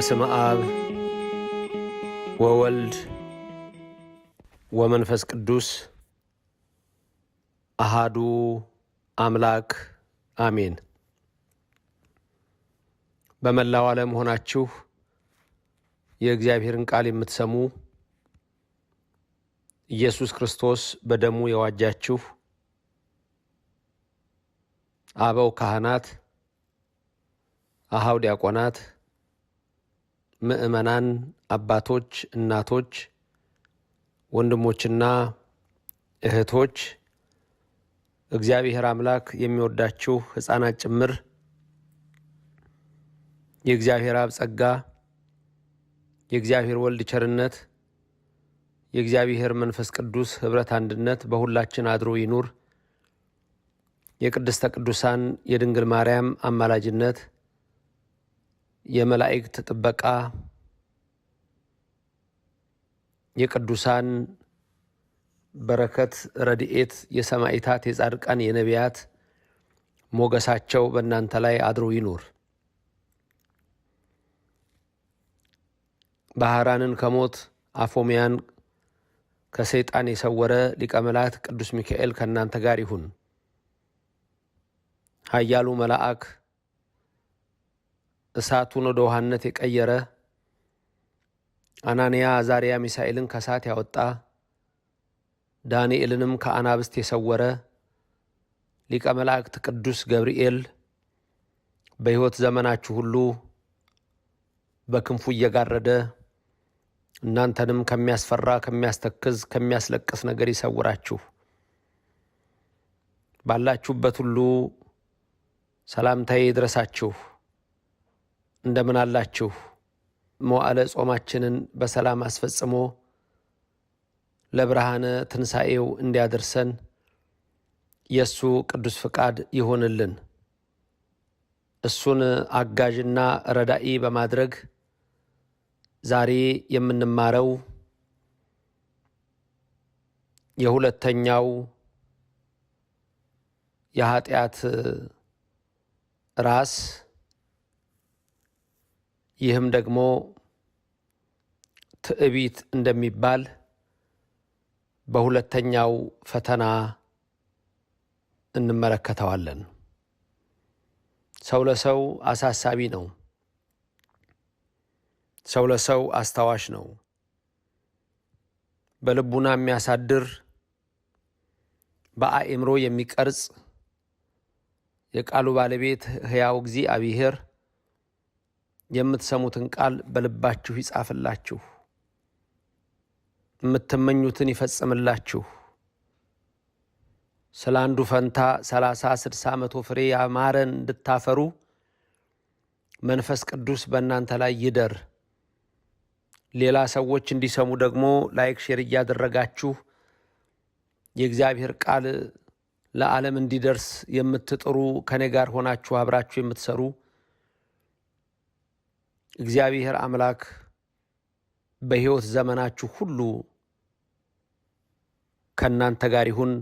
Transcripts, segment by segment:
በስመ አብ ወወልድ ወመንፈስ ቅዱስ አሃዱ አምላክ አሜን። በመላው ዓለም ሆናችሁ የእግዚአብሔርን ቃል የምትሰሙ ኢየሱስ ክርስቶስ በደሙ የዋጃችሁ አበው ካህናት፣ አሃው ዲያቆናት ምዕመናን፣ አባቶች፣ እናቶች፣ ወንድሞችና እህቶች እግዚአብሔር አምላክ የሚወዳችሁ ሕፃናት ጭምር የእግዚአብሔር አብ ጸጋ፣ የእግዚአብሔር ወልድ ቸርነት፣ የእግዚአብሔር መንፈስ ቅዱስ ኅብረት አንድነት በሁላችን አድሮ ይኑር። የቅድስተ ቅዱሳን የድንግል ማርያም አማላጅነት የመላእክት ጥበቃ የቅዱሳን በረከት፣ ረድኤት፣ የሰማዕታት፣ የጻድቃን፣ የነቢያት ሞገሳቸው በእናንተ ላይ አድሮ ይኑር። ባህራንን ከሞት አፎሚያን ከሰይጣን የሰወረ ሊቀ መላእክት ቅዱስ ሚካኤል ከእናንተ ጋር ይሁን። ኃያሉ መላአክ። እሳቱን ወደ ውሃነት የቀየረ አናንያ፣ አዛርያ፣ ሚሳኤልን ከእሳት ያወጣ ዳንኤልንም ከአናብስት የሰወረ ሊቀ መላእክት ቅዱስ ገብርኤል በሕይወት ዘመናችሁ ሁሉ በክንፉ እየጋረደ እናንተንም ከሚያስፈራ ከሚያስተክዝ ከሚያስለቅስ ነገር ይሰውራችሁ። ባላችሁበት ሁሉ ሰላምታዬ ይድረሳችሁ። እንደምን አላችሁ? መዋዕለ ጾማችንን በሰላም አስፈጽሞ ለብርሃነ ትንሣኤው እንዲያደርሰን የእሱ ቅዱስ ፍቃድ ይሆንልን። እሱን አጋዥና ረዳኢ በማድረግ ዛሬ የምንማረው የሁለተኛው የኃጢአት ራስ ይህም ደግሞ ትዕቢት እንደሚባል በሁለተኛው ፈተና እንመለከተዋለን። ሰው ለሰው አሳሳቢ ነው። ሰው ለሰው አስታዋሽ ነው። በልቡና የሚያሳድር በአእምሮ የሚቀርጽ የቃሉ ባለቤት ሕያው እግዚአብሔር የምትሰሙትን ቃል በልባችሁ ይጻፍላችሁ፣ የምትመኙትን ይፈጽምላችሁ። ስለ አንዱ ፈንታ ሰላሳ ስድሳ መቶ ፍሬ ያማረን እንድታፈሩ መንፈስ ቅዱስ በእናንተ ላይ ይደር። ሌላ ሰዎች እንዲሰሙ ደግሞ ላይክ ሼር እያደረጋችሁ የእግዚአብሔር ቃል ለዓለም እንዲደርስ የምትጥሩ ከኔ ጋር ሆናችሁ አብራችሁ የምትሰሩ እግዚአብሔር አምላክ በሕይወት ዘመናችሁ ሁሉ ከእናንተ ጋር ይሁን።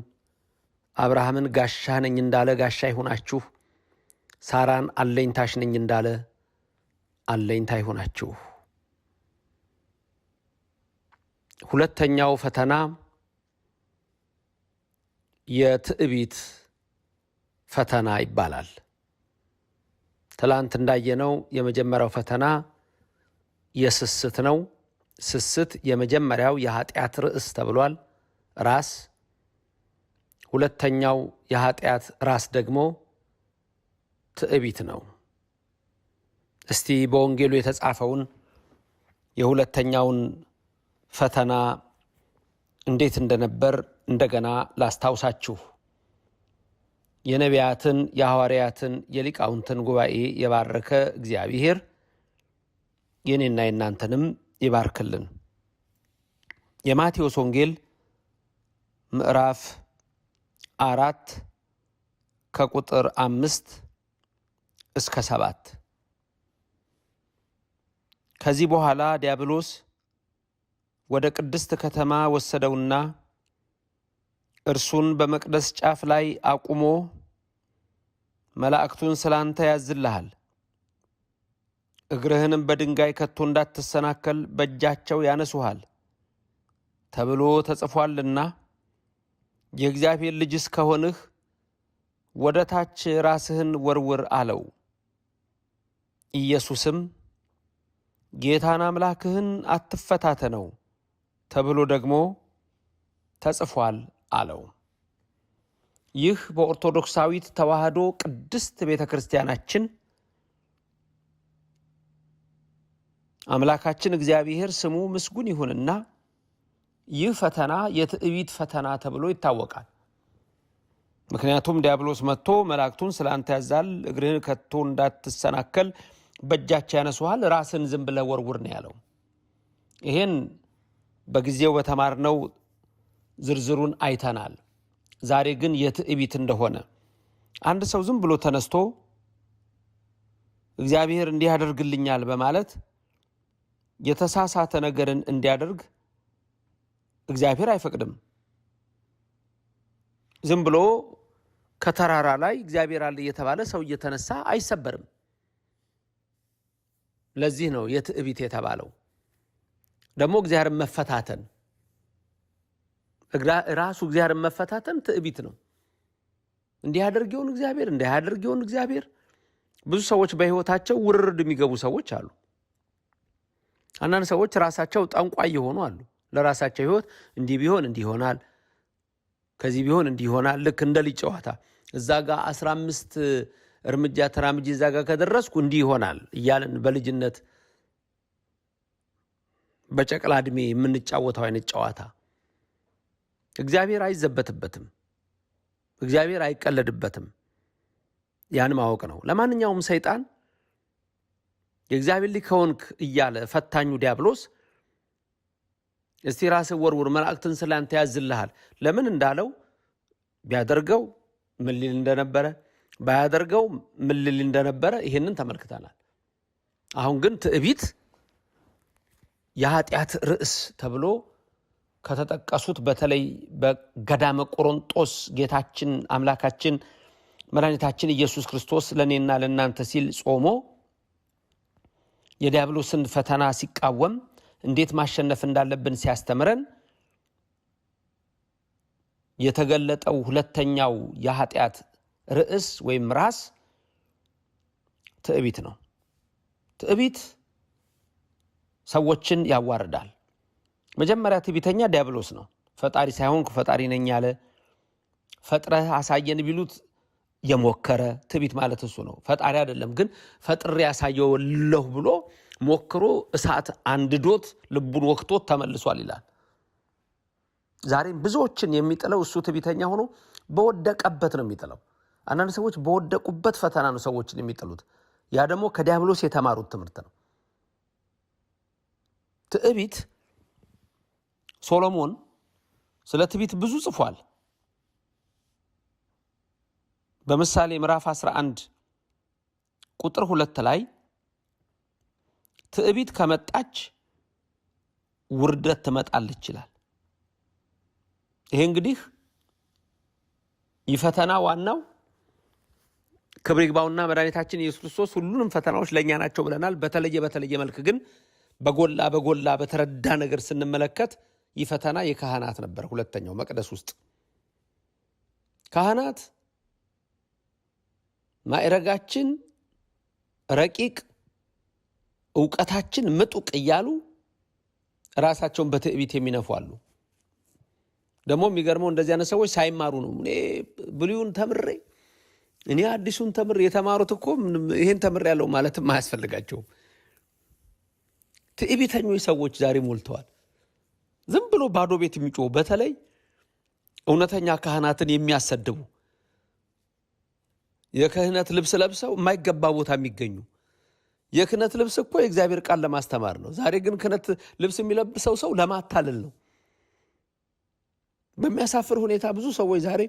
አብርሃምን ጋሻህ ነኝ እንዳለ ጋሻ ይሁናችሁ። ሳራን አለኝታሽ ነኝ እንዳለ አለኝታ ይሁናችሁ። ሁለተኛው ፈተና የትዕቢት ፈተና ይባላል። ትላንት እንዳየነው የመጀመሪያው ፈተና የስስት ነው። ስስት የመጀመሪያው የኃጢአት ርዕስ ተብሏል፣ ራስ። ሁለተኛው የኃጢአት ራስ ደግሞ ትዕቢት ነው። እስቲ በወንጌሉ የተጻፈውን የሁለተኛውን ፈተና እንዴት እንደነበር እንደገና ላስታውሳችሁ። የነቢያትን የሐዋርያትን የሊቃውንትን ጉባኤ የባረከ እግዚአብሔር የኔና የናንተንም ይባርክልን። የማቴዎስ ወንጌል ምዕራፍ አራት ከቁጥር አምስት እስከ ሰባት ከዚህ በኋላ ዲያብሎስ ወደ ቅድስት ከተማ ወሰደውና እርሱን በመቅደስ ጫፍ ላይ አቁሞ መላእክቱን ስላንተ ያዝልሃል። እግርህንም በድንጋይ ከቶ እንዳትሰናከል በእጃቸው ያነሱሃል ተብሎ ተጽፏልና የእግዚአብሔር ልጅ እስከሆንህ ወደ ታች ራስህን ወርውር አለው። ኢየሱስም ጌታን አምላክህን አትፈታተነው ተብሎ ደግሞ ተጽፏል አለው። ይህ በኦርቶዶክሳዊት ተዋህዶ ቅድስት ቤተ ክርስቲያናችን አምላካችን እግዚአብሔር ስሙ ምስጉን ይሁንና ይህ ፈተና የትዕቢት ፈተና ተብሎ ይታወቃል። ምክንያቱም ዲያብሎስ መጥቶ መላእክቱን ስለ አንተ ያዛል፣ እግርህን ከቶ እንዳትሰናከል በእጃቸው ያነሱሃል፣ ራስን ዝም ብለህ ወርውር ነው ያለው። ይሄን በጊዜው በተማርነው ዝርዝሩን አይተናል። ዛሬ ግን የትዕቢት እንደሆነ አንድ ሰው ዝም ብሎ ተነስቶ እግዚአብሔር እንዲህ ያደርግልኛል በማለት የተሳሳተ ነገርን እንዲያደርግ እግዚአብሔር አይፈቅድም። ዝም ብሎ ከተራራ ላይ እግዚአብሔር አለ እየተባለ ሰው እየተነሳ አይሰበርም። ለዚህ ነው የትዕቢት የተባለው። ደግሞ እግዚአብሔርን መፈታተን ራሱ እግዚአብሔር መፈታተን ትዕቢት ነው። እንዲህ ያደርገውን እግዚአብሔር እንዲህ ያደርገውን እግዚአብሔር። ብዙ ሰዎች በህይወታቸው ውርርድ የሚገቡ ሰዎች አሉ። አንዳንድ ሰዎች ራሳቸው ጠንቋይ የሆኑ አሉ። ለራሳቸው ህይወት እንዲህ ቢሆን እንዲህ ይሆናል፣ ከዚህ ቢሆን እንዲህ ይሆናል። ልክ እንደ ልጅ ጨዋታ እዛ ጋር አስራ አምስት እርምጃ ተራምጄ እዛ ጋር ከደረስኩ እንዲህ ይሆናል እያለን በልጅነት በጨቅላ ዕድሜ የምንጫወተው አይነት ጨዋታ እግዚአብሔር አይዘበትበትም። እግዚአብሔር አይቀለድበትም። ያን ማወቅ ነው። ለማንኛውም ሰይጣን የእግዚአብሔር ልጅ ከሆንክ እያለ ፈታኙ ዲያብሎስ እስቲ ራስህ ወርውር፣ መላእክትን አንተ ያዝልሃል። ለምን እንዳለው ቢያደርገው ምን ሊል እንደነበረ ባያደርገው ምን ሊል እንደነበረ ይህንን ተመልክተናል። አሁን ግን ትዕቢት የኃጢአት ርዕስ ተብሎ ከተጠቀሱት በተለይ በገዳመ ቆሮንጦስ ጌታችን አምላካችን መድኃኒታችን ኢየሱስ ክርስቶስ ለእኔና ለእናንተ ሲል ጾሞ የዲያብሎስን ፈተና ሲቃወም እንዴት ማሸነፍ እንዳለብን ሲያስተምረን የተገለጠው ሁለተኛው የኃጢአት ርዕስ ወይም ራስ ትዕቢት ነው። ትዕቢት ሰዎችን ያዋርዳል። መጀመሪያ ትዕቢተኛ ዲያብሎስ ነው። ፈጣሪ ሳይሆን ፈጣሪ ነኝ ያለ ፈጥረህ አሳየን ቢሉት የሞከረ ትዕቢት ማለት እሱ ነው። ፈጣሪ አይደለም ግን ፈጥሬ ያሳየውለሁ ብሎ ሞክሮ እሳት አንድዶት ልቡን ወክቶት ተመልሷል ይላል። ዛሬም ብዙዎችን የሚጥለው እሱ ትዕቢተኛ ሆኖ በወደቀበት ነው የሚጥለው። አንዳንድ ሰዎች በወደቁበት ፈተና ነው ሰዎችን የሚጥሉት። ያ ደግሞ ከዲያብሎስ የተማሩት ትምህርት ነው ትዕቢት ሶሎሞን ስለ ትቢት ብዙ ጽፏል። በምሳሌ ምዕራፍ 11 ቁጥር ሁለት ላይ ትዕቢት ከመጣች ውርደት ትመጣለች ይላል። ይሄ እንግዲህ ይፈተና ዋናው ክብር ይግባውና መድኃኒታችን ኢየሱስ ክርስቶስ ሁሉንም ፈተናዎች ለእኛ ናቸው ብለናል። በተለየ በተለየ መልክ ግን በጎላ በጎላ በተረዳ ነገር ስንመለከት ይህ ፈተና የካህናት ነበር። ሁለተኛው መቅደስ ውስጥ ካህናት ማዕረጋችን ረቂቅ፣ እውቀታችን ምጡቅ እያሉ ራሳቸውን በትዕቢት የሚነፉ አሉ። ደግሞ የሚገርመው እንደዚህ አይነት ሰዎች ሳይማሩ ነው። እኔ ብሉዩን ተምሬ እኔ አዲሱን ተምሬ የተማሩት እኮ ይሄን ተምሬ ያለው ማለትም አያስፈልጋቸውም። ትዕቢተኞች ሰዎች ዛሬ ሞልተዋል። ዝም ብሎ ባዶ ቤት የሚጮሁ በተለይ እውነተኛ ካህናትን የሚያሰድቡ የክህነት ልብስ ለብሰው የማይገባ ቦታ የሚገኙ የክህነት ልብስ እኮ የእግዚአብሔር ቃል ለማስተማር ነው። ዛሬ ግን ክህነት ልብስ የሚለብሰው ሰው ለማታለል ነው። በሚያሳፍር ሁኔታ ብዙ ሰዎች ዛሬ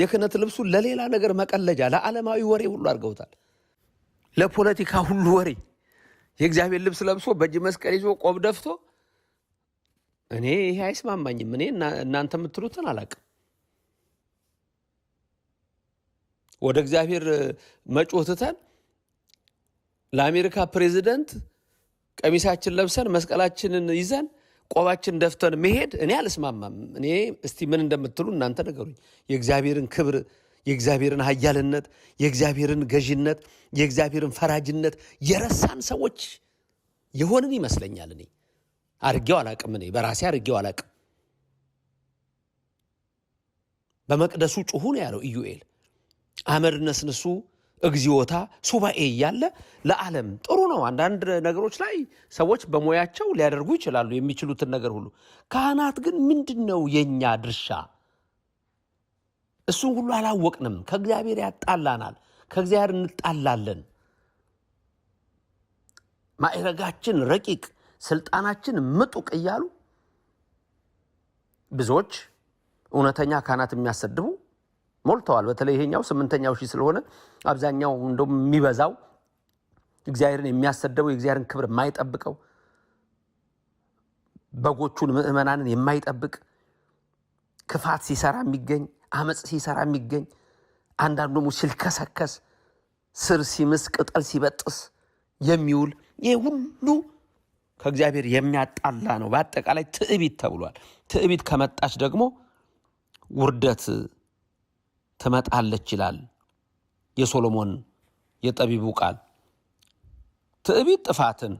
የክህነት ልብሱን ለሌላ ነገር መቀለጃ፣ ለዓለማዊ ወሬ ሁሉ አድርገውታል። ለፖለቲካ ሁሉ ወሬ የእግዚአብሔር ልብስ ለብሶ በእጅ መስቀል ይዞ ቆብ ደፍቶ እኔ ይሄ አይስማማኝም። እኔ እናንተ የምትሉትን አላቅም። ወደ እግዚአብሔር መጮህ ትተን ለአሜሪካ ፕሬዚደንት ቀሚሳችን ለብሰን መስቀላችንን ይዘን ቆባችን ደፍተን መሄድ እኔ አልስማማም። እኔ እስቲ ምን እንደምትሉ እናንተ ነገሩኝ። የእግዚአብሔርን ክብር፣ የእግዚአብሔርን ኃያልነት፣ የእግዚአብሔርን ገዥነት፣ የእግዚአብሔርን ፈራጅነት የረሳን ሰዎች የሆንን ይመስለኛል እኔ አድርጌው አላቅም። እኔ በራሴ አድርጌው አላቅም። በመቅደሱ ጩሁ ነው ያለው ኢዩኤል። አመድ ነስንሱ እግዚኦታ ሱባኤ እያለ ለዓለም ጥሩ ነው። አንዳንድ ነገሮች ላይ ሰዎች በሙያቸው ሊያደርጉ ይችላሉ የሚችሉትን ነገር ሁሉ። ካህናት ግን ምንድን ነው የእኛ ድርሻ? እሱን ሁሉ አላወቅንም። ከእግዚአብሔር ያጣላናል። ከእግዚአብሔር እንጣላለን። ማዕረጋችን ረቂቅ ስልጣናችን ምጡቅ እያሉ ብዙዎች እውነተኛ ካህናት የሚያሰድቡ ሞልተዋል። በተለይ ይሄኛው ስምንተኛው ሺህ ስለሆነ አብዛኛው እንደውም የሚበዛው እግዚአብሔርን የሚያሰደበው የእግዚአብሔርን ክብር የማይጠብቀው በጎቹን ምእመናንን የማይጠብቅ ክፋት ሲሰራ የሚገኝ አመፅ ሲሰራ የሚገኝ አንዳንዱ ደግሞ ሲልከሰከስ ስር ሲምስ ቅጠል ሲበጥስ የሚውል ይህ ሁሉ ከእግዚአብሔር የሚያጣላ ነው። በአጠቃላይ ትዕቢት ተብሏል። ትዕቢት ከመጣች ደግሞ ውርደት ትመጣለች ይላል የሶሎሞን የጠቢቡ ቃል። ትዕቢት ጥፋትን፣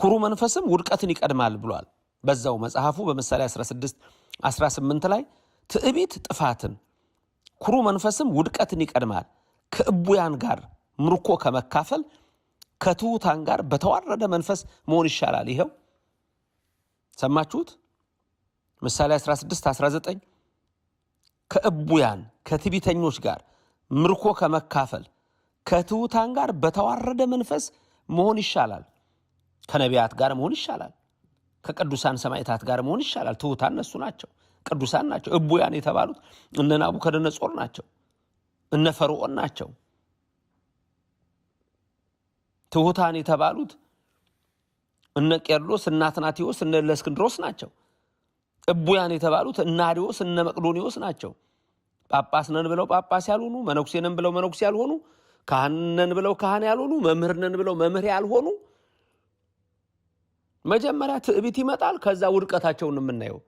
ኩሩ መንፈስም ውድቀትን ይቀድማል ብሏል በዛው መጽሐፉ በምሳሌ 16 18 ላይ ትዕቢት ጥፋትን፣ ኩሩ መንፈስም ውድቀትን ይቀድማል ከእቡያን ጋር ምርኮ ከመካፈል ከትሑታን ጋር በተዋረደ መንፈስ መሆን ይሻላል። ይኸው ሰማችሁት። ምሳሌ 16 19 ከእቡያን ከትቢተኞች ጋር ምርኮ ከመካፈል ከትሑታን ጋር በተዋረደ መንፈስ መሆን ይሻላል። ከነቢያት ጋር መሆን ይሻላል። ከቅዱሳን ሰማዕታት ጋር መሆን ይሻላል። ትሑታን እነሱ ናቸው፣ ቅዱሳን ናቸው። እቡያን የተባሉት እነ ናቡከደነጾር ናቸው፣ እነ ፈርዖን ናቸው። ትሑታን የተባሉት እነ ቄርሎስ እነ አትናቴዎስ እነ ለእስክንድሮስ ናቸው። እቡያን የተባሉት እነ አሪዎስ እነ መቅዶኒዎስ ናቸው። ጳጳስ ነን ብለው ጳጳስ ያልሆኑ፣ መነኩሴ ነን ብለው መነኩሴ ያልሆኑ፣ ካህን ነን ብለው ካህን ያልሆኑ፣ መምህር ነን ብለው መምህር ያልሆኑ። መጀመሪያ ትዕቢት ይመጣል፣ ከዛ ውድቀታቸውን የምናየው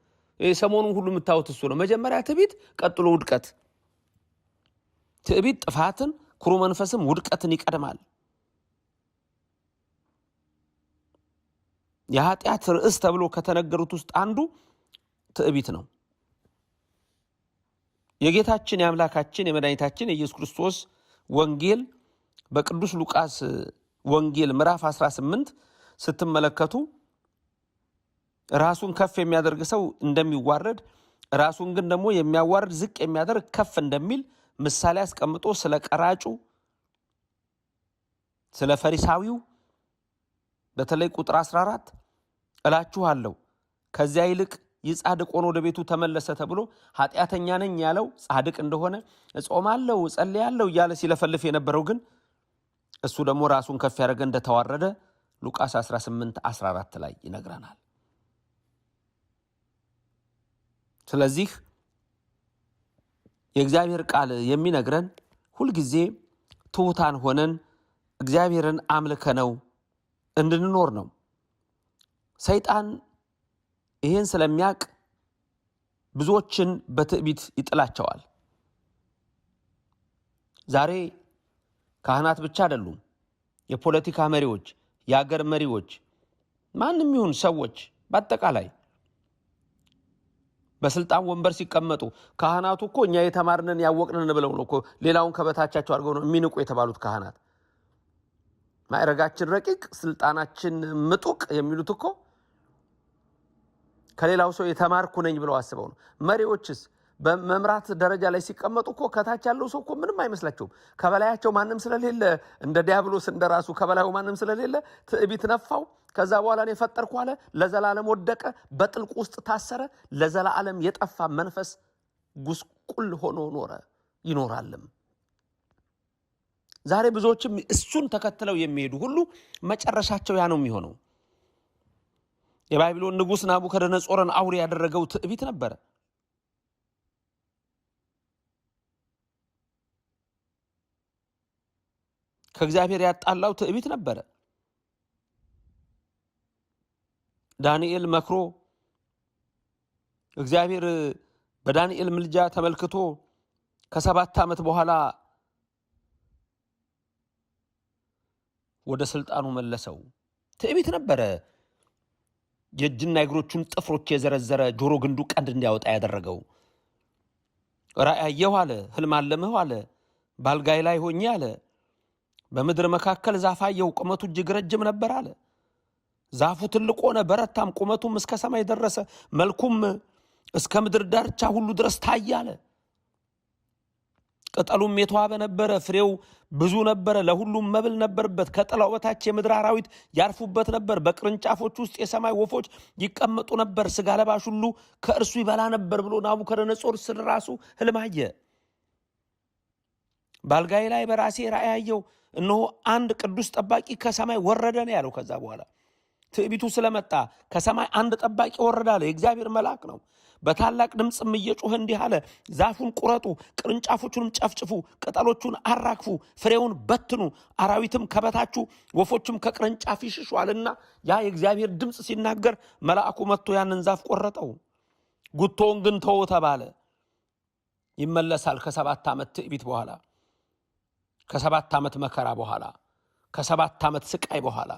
ሰሞኑን ሁሉ የምታዩት እሱ ነው። መጀመሪያ ትዕቢት፣ ቀጥሎ ውድቀት። ትዕቢት ጥፋትን፣ ኩሩ መንፈስም ውድቀትን ይቀድማል። የኃጢአት ርዕስ ተብሎ ከተነገሩት ውስጥ አንዱ ትዕቢት ነው። የጌታችን የአምላካችን የመድኃኒታችን የኢየሱስ ክርስቶስ ወንጌል በቅዱስ ሉቃስ ወንጌል ምዕራፍ 18 ስትመለከቱ ራሱን ከፍ የሚያደርግ ሰው እንደሚዋረድ ራሱን ግን ደግሞ የሚያዋርድ ዝቅ የሚያደርግ ከፍ እንደሚል ምሳሌ አስቀምጦ ስለ ቀራጩ ስለ ፈሪሳዊው በተለይ ቁጥር 14 እላችኋለሁ ከዚያ ይልቅ ይህ ጻድቅ ሆኖ ወደ ቤቱ ተመለሰ ተብሎ ኃጢአተኛ ነኝ ያለው ጻድቅ እንደሆነ እጾማለሁ፣ እጸልያለሁ እያለ ሲለፈልፍ የነበረው ግን እሱ ደግሞ ራሱን ከፍ ያደረገ እንደተዋረደ ሉቃስ 18 14 ላይ ይነግረናል። ስለዚህ የእግዚአብሔር ቃል የሚነግረን ሁልጊዜ ትሑታን ሆነን እግዚአብሔርን አምልከ ነው እንድንኖር ነው። ሰይጣን ይህን ስለሚያውቅ ብዙዎችን በትዕቢት ይጥላቸዋል። ዛሬ ካህናት ብቻ አይደሉም፣ የፖለቲካ መሪዎች፣ የአገር መሪዎች፣ ማንም ይሁን ሰዎች በአጠቃላይ በስልጣን ወንበር ሲቀመጡ ካህናቱ እኮ እኛ የተማርንን ያወቅንን ብለው ነው እኮ ሌላውን ከበታቻቸው አድርገው ነው የሚንቁ የተባሉት ካህናት ማዕረጋችን ረቂቅ፣ ስልጣናችን ምጡቅ የሚሉት እኮ ከሌላው ሰው የተማርኩ ነኝ ብለው አስበው ነው። መሪዎችስ በመምራት ደረጃ ላይ ሲቀመጡ እኮ ከታች ያለው ሰው እኮ ምንም አይመስላቸውም። ከበላያቸው ማንም ስለሌለ እንደ ዲያብሎስ እንደ ራሱ ከበላዩ ማንም ስለሌለ ትዕቢት ነፋው። ከዛ በኋላ ነው የፈጠርኩ አለ። ለዘላለም ወደቀ፣ በጥልቅ ውስጥ ታሰረ። ለዘላለም የጠፋ መንፈስ ጉስቁል ሆኖ ኖረ ይኖራልም። ዛሬ ብዙዎችም እሱን ተከትለው የሚሄዱ ሁሉ መጨረሻቸው ያ ነው የሚሆነው። የባቢሎን ንጉሥ ናቡከደነጾርን አውሬ ያደረገው ትዕቢት ነበረ። ከእግዚአብሔር ያጣላው ትዕቢት ነበረ። ዳንኤል መክሮ እግዚአብሔር በዳንኤል ምልጃ ተመልክቶ ከሰባት ዓመት በኋላ ወደ ስልጣኑ መለሰው። ትዕቢት ነበረ የእጅና እግሮቹን ጥፍሮች የዘረዘረ ጆሮ ግንዱ ቀንድ እንዲያወጣ ያደረገው። ራእይ አየሁ አለ፣ ህልም አለምሁ አለ፣ ባልጋይ ላይ ሆኜ አለ። በምድር መካከል ዛፍ አየሁ፣ ቁመቱ እጅግ ረጅም ነበር አለ። ዛፉ ትልቅ ሆነ፣ በረታም፣ ቁመቱም እስከ ሰማይ ደረሰ፣ መልኩም እስከ ምድር ዳርቻ ሁሉ ድረስ ታየ አለ። ቅጠሉም የተዋበ ነበረ፣ ፍሬው ብዙ ነበረ፣ ለሁሉም መብል ነበርበት። ከጥላው በታች የምድር አራዊት ያርፉበት ነበር፣ በቅርንጫፎች ውስጥ የሰማይ ወፎች ይቀመጡ ነበር፣ ስጋ ለባሽ ሁሉ ከእርሱ ይበላ ነበር ብሎ ናቡከደነጾር ስለ ራሱ ህልም አየ። በአልጋዬ ላይ በራሴ ራእይ አየሁ፣ እነሆ አንድ ቅዱስ ጠባቂ ከሰማይ ወረደ ነው ያለው። ከዛ በኋላ ትዕቢቱ ስለመጣ ከሰማይ አንድ ጠባቂ ወረዳለ። የእግዚአብሔር መልአክ ነው። በታላቅ ድምፅም እየጮኸ እንዲህ አለ፣ ዛፉን ቁረጡ፣ ቅርንጫፎቹንም ጨፍጭፉ፣ ቅጠሎቹን አራግፉ፣ ፍሬውን በትኑ፣ አራዊትም ከበታችሁ ወፎችም ከቅርንጫፍ ይሽሿልና። ያ የእግዚአብሔር ድምፅ ሲናገር መልአኩ መጥቶ ያንን ዛፍ ቆረጠው። ጉቶውን ግን ተው ተባለ። ይመለሳል ከሰባት ዓመት ትዕቢት በኋላ ከሰባት ዓመት መከራ በኋላ ከሰባት ዓመት ስቃይ በኋላ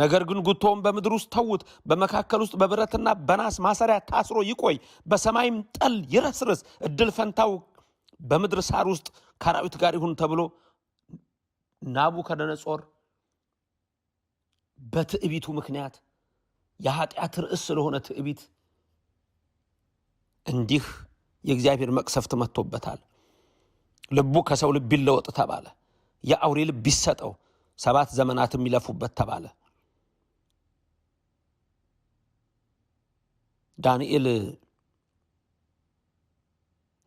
ነገር ግን ጉቶውን በምድር ውስጥ ተዉት፣ በመካከል ውስጥ በብረትና በናስ ማሰሪያ ታስሮ ይቆይ፣ በሰማይም ጠል ይረስርስ፣ እድል ፈንታው በምድር ሳር ውስጥ ከአራዊት ጋር ይሁን ተብሎ ናቡከደነጾር በትዕቢቱ ምክንያት የኃጢአት ርዕስ ስለሆነ ትዕቢት እንዲህ የእግዚአብሔር መቅሰፍት መጥቶበታል። ልቡ ከሰው ልብ ይለወጥ ተባለ። የአውሬ ልብ ይሰጠው፣ ሰባት ዘመናትም ይለፉበት ተባለ። ዳንኤል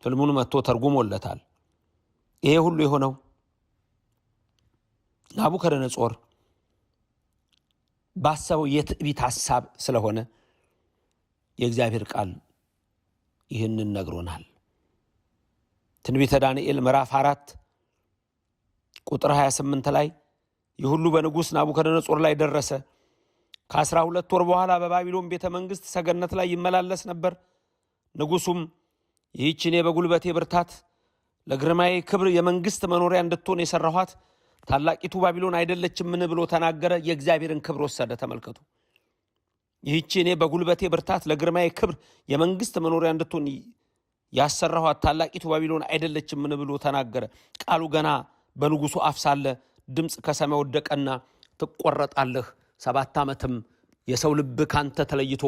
ህልሙን መጥቶ ተርጉሞለታል። ይሄ ሁሉ የሆነው ናቡከደነጾር ባሰበው የትዕቢት ሐሳብ ስለሆነ የእግዚአብሔር ቃል ይህንን ነግሮናል። ትንቢተ ዳንኤል ምዕራፍ አራት ቁጥር 28 ላይ ይህ ሁሉ በንጉሥ ናቡከደነጾር ላይ ደረሰ። ከአስራ ሁለት ወር በኋላ በባቢሎን ቤተ መንግሥት ሰገነት ላይ ይመላለስ ነበር። ንጉሡም ይህችን በጉልበቴ ብርታት ለግርማዬ ክብር የመንግሥት መኖሪያ እንድትሆን የሠራኋት ታላቂቱ ባቢሎን አይደለችምን ብሎ ተናገረ። የእግዚአብሔርን ክብር ወሰደ። ተመልከቱ። ይህች እኔ በጉልበቴ ብርታት ለግርማዬ ክብር የመንግሥት መኖሪያ እንድትሆን ያሰራኋት ታላቂቱ ባቢሎን አይደለችምን ብሎ ተናገረ። ቃሉ ገና በንጉሡ አፍ ሳለ ድምፅ ከሰማይ ወደቀና ትቆረጣለህ ሰባት ዓመትም የሰው ልብ ካንተ ተለይቶ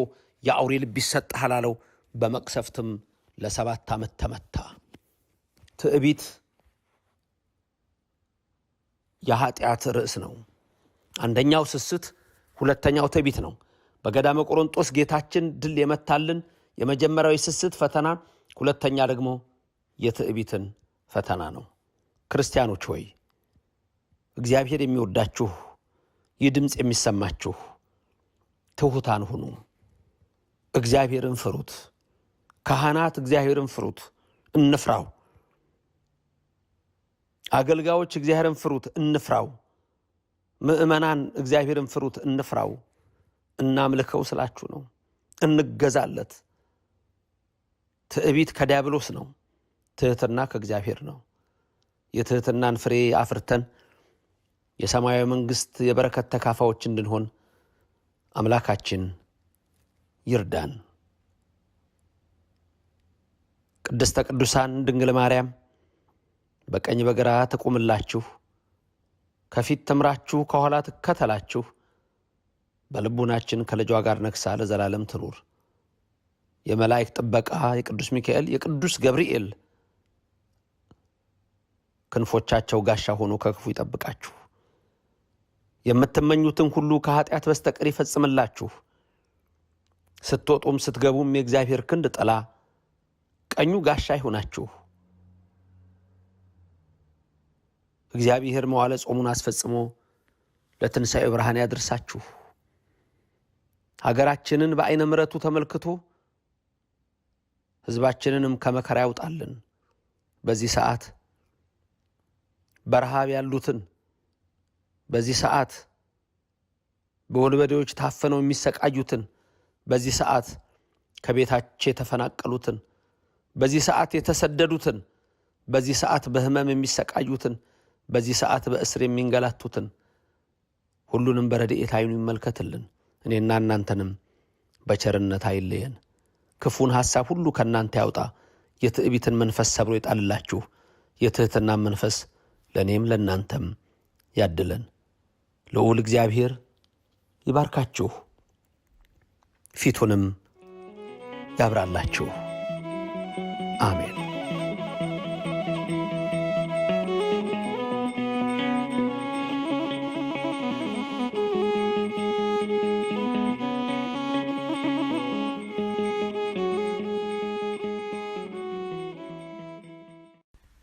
የአውሬ ልብ ይሰጥሃል አለው። በመቅሰፍትም ለሰባት ዓመት ተመታ። ትዕቢት የኃጢአት ርዕስ ነው። አንደኛው ስስት፣ ሁለተኛው ትዕቢት ነው። በገዳመ ቆሮንጦስ ጌታችን ድል የመታልን የመጀመሪያው የስስት ፈተና፣ ሁለተኛ ደግሞ የትዕቢትን ፈተና ነው። ክርስቲያኖች ሆይ እግዚአብሔር የሚወዳችሁ ይህ ድምፅ የሚሰማችሁ ትሑታን ሁኑ፣ እግዚአብሔርን ፍሩት። ካህናት እግዚአብሔርን ፍሩት፣ እንፍራው። አገልጋዮች እግዚአብሔርን ፍሩት፣ እንፍራው። ምእመናን እግዚአብሔርን ፍሩት፣ እንፍራው። እናምልከው ስላችሁ ነው። እንገዛለት። ትዕቢት ከዲያብሎስ ነው። ትህትና ከእግዚአብሔር ነው። የትህትናን ፍሬ አፍርተን የሰማያዊ መንግሥት የበረከት ተካፋዎች እንድንሆን አምላካችን ይርዳን። ቅድስተ ቅዱሳን ድንግል ማርያም በቀኝ በግራ ትቁምላችሁ፣ ከፊት ትምራችሁ፣ ከኋላ ትከተላችሁ። በልቡናችን ከልጇ ጋር ነግሳ ለዘላለም ትኑር። የመላእክት ጥበቃ የቅዱስ ሚካኤል የቅዱስ ገብርኤል ክንፎቻቸው ጋሻ ሆኖ ከክፉ ይጠብቃችሁ። የምትመኙትን ሁሉ ከኃጢአት በስተቀር ይፈጽምላችሁ። ስትወጡም ስትገቡም የእግዚአብሔር ክንድ ጥላ ቀኙ ጋሻ ይሆናችሁ። እግዚአብሔር መዋለ ጾሙን አስፈጽሞ ለትንሣኤ ብርሃን ያድርሳችሁ። ሀገራችንን በዐይነ ምረቱ ተመልክቶ ሕዝባችንንም ከመከራ ያውጣልን። በዚህ ሰዓት በረሃብ ያሉትን በዚህ ሰዓት በወንበዴዎች ታፈነው የሚሰቃዩትን፣ በዚህ ሰዓት ከቤታቸው የተፈናቀሉትን፣ በዚህ ሰዓት የተሰደዱትን፣ በዚህ ሰዓት በሕመም የሚሰቃዩትን፣ በዚህ ሰዓት በእስር የሚንገላቱትን ሁሉንም በረድኤት ዓይኑ ይመልከትልን። እኔና እናንተንም በቸርነት አይለየን። ክፉን ሐሳብ ሁሉ ከእናንተ ያውጣ። የትዕቢትን መንፈስ ሰብሮ ይጣልላችሁ። የትሕትና መንፈስ ለእኔም ለእናንተም ያድለን። ልዑል እግዚአብሔር ይባርካችሁ፣ ፊቱንም ያብራላችሁ። አሜን።